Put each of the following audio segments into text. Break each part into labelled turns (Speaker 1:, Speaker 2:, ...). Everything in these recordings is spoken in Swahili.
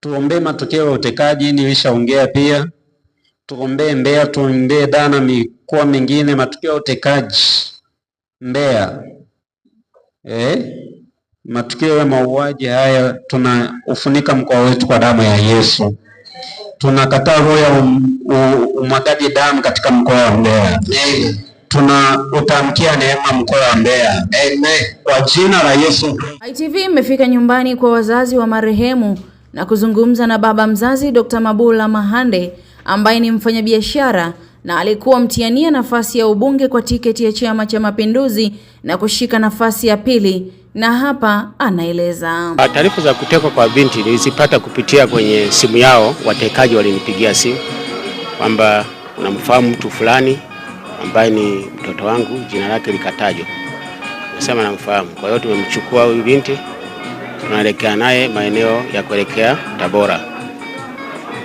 Speaker 1: Tuombee matokeo ya utekaji, nilishaongea pia. Tuombee Mbeya, tuombee Dana, mikoa mingine, matukio ya utekaji Mbeya, eh? Matukio ya mauaji haya, tunaufunika mkoa wetu kwa damu ya Yesu. Tunakataa roho ya um, umwagaji um, damu katika mkoa wa Mbeya. Tunautamkia neema mkoa wa Mbeya kwa jina la Yesu.
Speaker 2: ITV imefika nyumbani kwa wazazi wa marehemu na kuzungumza na baba mzazi Dr. Mabula Mahande ambaye ni mfanyabiashara na alikuwa mtiania nafasi ya ubunge kwa tiketi ya Chama cha Mapinduzi na kushika nafasi ya pili, na hapa anaeleza.
Speaker 3: Ah, taarifa za kutekwa kwa binti nilizipata kupitia kwenye simu yao, watekaji walinipigia simu kwamba unamfahamu mtu fulani ambaye ni mtoto wangu, jina lake likatajwa, nasema namfahamu. Kwa hiyo tumemchukua huyu binti tunaelekea naye maeneo ya kuelekea Tabora.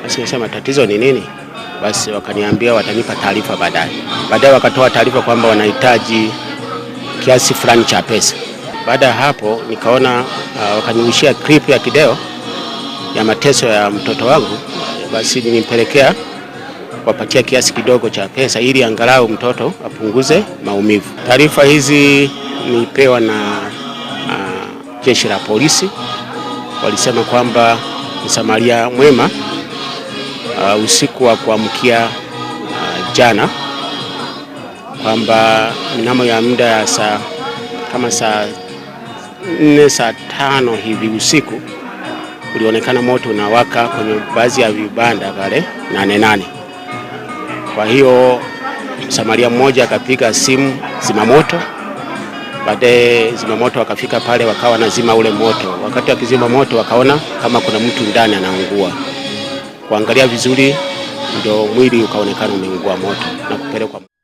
Speaker 3: Basi nasema tatizo ni nini? Basi wakaniambia watanipa taarifa baadaye. Baadaye wakatoa taarifa kwamba wanahitaji kiasi fulani cha pesa. Baada ya hapo nikaona uh, wakaniushia clip ya kideo ya mateso ya mtoto wangu, basi nilimpelekea wapatia kiasi kidogo cha pesa ili angalau mtoto apunguze maumivu. Taarifa hizi nilipewa na jeshi la polisi walisema kwamba msamaria mwema uh, usiku wa kuamkia uh, jana kwamba mnamo ya muda ya saa kama saa nne saa tano hivi usiku ulionekana moto unawaka kwenye baadhi ya vibanda pale nane nane. Kwa hiyo msamaria mmoja akapiga simu zimamoto Baadaye zimamoto wakafika pale, wakawa wanazima ule moto. Wakati wakizima moto, wakaona kama kuna mtu ndani anaungua. Kuangalia vizuri, ndio mwili ukaonekana umeungua moto na kupelekwa